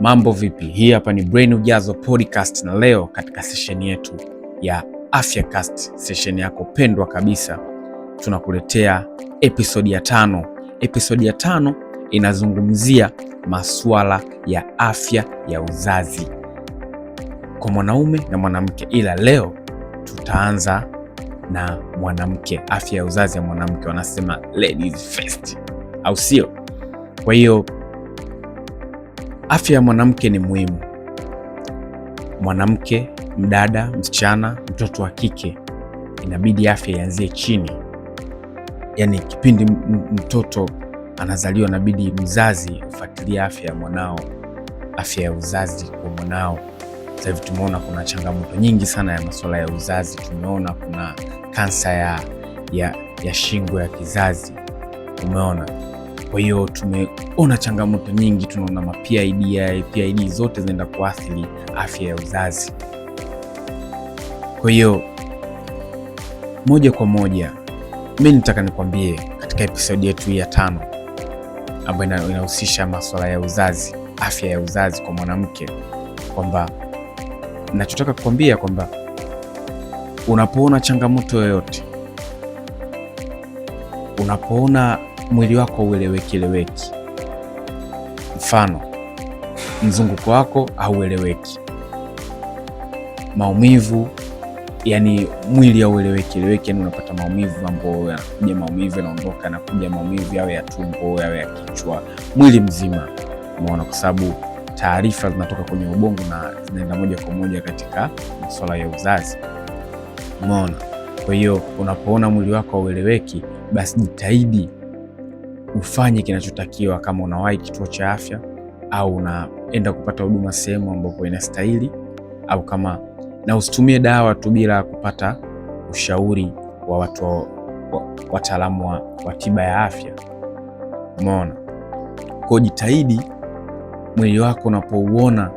Mambo vipi? Hii hapa ni Brain Ujazo Podcast, na leo katika sesheni yetu ya Cast, session yako pendwa kabisa, tunakuletea episodi ya tano. Episodi ya tano inazungumzia masuala ya afya ya uzazi kwa mwanaume na mwanamke, ila leo tutaanza na mwanamke, afya ya uzazi ya mwanamke, wanasema ladies first, au sio? Kwa hiyo Afya ya mwanamke ni muhimu. Mwanamke, mdada, msichana, mtoto wa kike, inabidi afya ianzie chini. Yaani kipindi mtoto anazaliwa, inabidi mzazi ufuatilie afya ya mwanao, afya ya uzazi kwa mwanao. Sasa hivi tumeona kuna changamoto nyingi sana ya masuala ya uzazi. Tumeona kuna kansa ya, ya, ya shingo ya kizazi, umeona kwa hiyo tumeona changamoto nyingi, tunaona maPID, PID zote zinaenda kuathiri afya ya uzazi. Kwa hiyo moja kwa moja mi nitaka nikwambie katika episodi yetu hii ya tano ambayo inahusisha masuala ya uzazi, afya ya uzazi kwa mwanamke, kwamba nachotaka kukwambia kwamba unapoona changamoto yoyote, unapoona mwili wako hauelewekieleweki. Mfano, mzunguko wako haueleweki, maumivu, yani mwili hauelewekieleweki, yani unapata maumivu ambayo yanakuja, maumivu yanaondoka, yanakuja maumivu, yawe ya tumbo, yawe ya kichwa, mwili mzima. Umeona, kwa sababu taarifa zinatoka kwenye ubongo na zinaenda moja kwa moja katika masuala ya uzazi. Umeona? Kwa hiyo unapoona mwili wako haueleweki, basi jitahidi ufanye kinachotakiwa kama unawahi kituo cha afya au unaenda kupata huduma sehemu ambapo inastahili, au kama na usitumie dawa tu bila kupata ushauri wa watu wa, wataalamu wa, wa tiba ya afya. Umeona? Kwa jitahidi mwili wako unapouona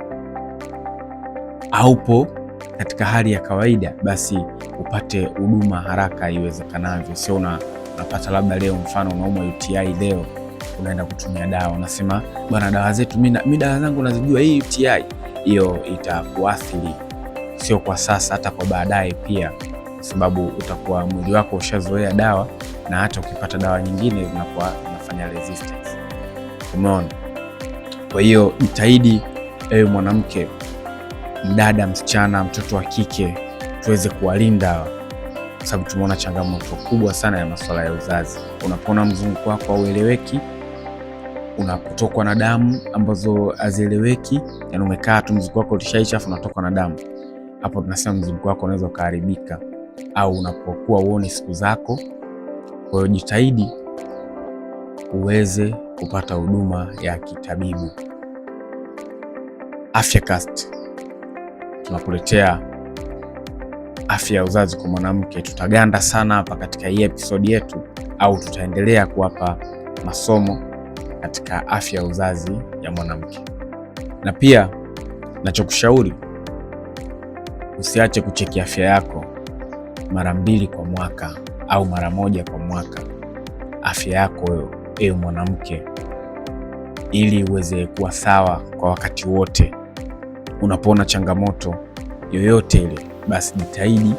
haupo katika hali ya kawaida, basi upate huduma haraka iwezekanavyo, sio una unapata labda leo mfano unaumwa UTI leo unaenda kutumia dawa, unasema bwana, dawa zetu mimi dawa zangu nazijua, hii UTI hiyo itakuathiri sio kwa sasa, hata kwa baadaye pia, kwa sababu utakuwa mwili wako ushazoea dawa, na hata ukipata dawa nyingine zinakuwa zinafanya resistance. Umeona? Kwa hiyo jitahidi, ewe mwanamke, mdada, msichana, mtoto wa kike, tuweze kuwalinda kwa sababu tumeona changamoto kubwa sana ya masuala ya uzazi. Unapoona mzunguko wako haueleweki, unapotokwa na damu ambazo hazieleweki, yani umekaa tu mzunguko wako ulishaisha, afu unatokwa na damu, hapo tunasema mzunguko wako unaweza ukaharibika, au unapokuwa uone siku zako. Kwa hiyo jitahidi uweze kupata huduma ya kitabibu. Afyacast tunakuletea afya ya uzazi kwa mwanamke. Tutaganda sana hapa katika hii episodi yetu, au tutaendelea kuwapa masomo katika afya ya uzazi ya mwanamke. Na pia nachokushauri, usiache kucheki afya yako mara mbili kwa mwaka au mara moja kwa mwaka, afya yako ewe mwanamke, ili uweze kuwa sawa kwa wakati wote. Unapoona changamoto yoyote ile basi jitahidi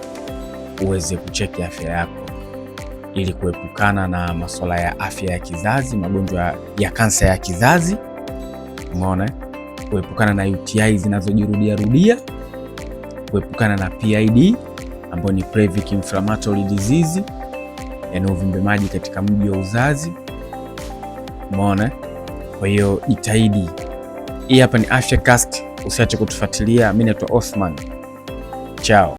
uweze kucheki afya yako ili kuepukana na masuala ya afya ya kizazi, magonjwa ya kansa ya kizazi, umeona, kuepukana na UTI zinazojirudia rudia, kuepukana na PID ambayo ni pelvic inflammatory disease, yani uvimbe maji katika mji wa uzazi, umeona. Kwa hiyo jitahidi. Hii hapa ni Afya Cast, usiache kutufuatilia. Mimi naitwa Osman. Chao.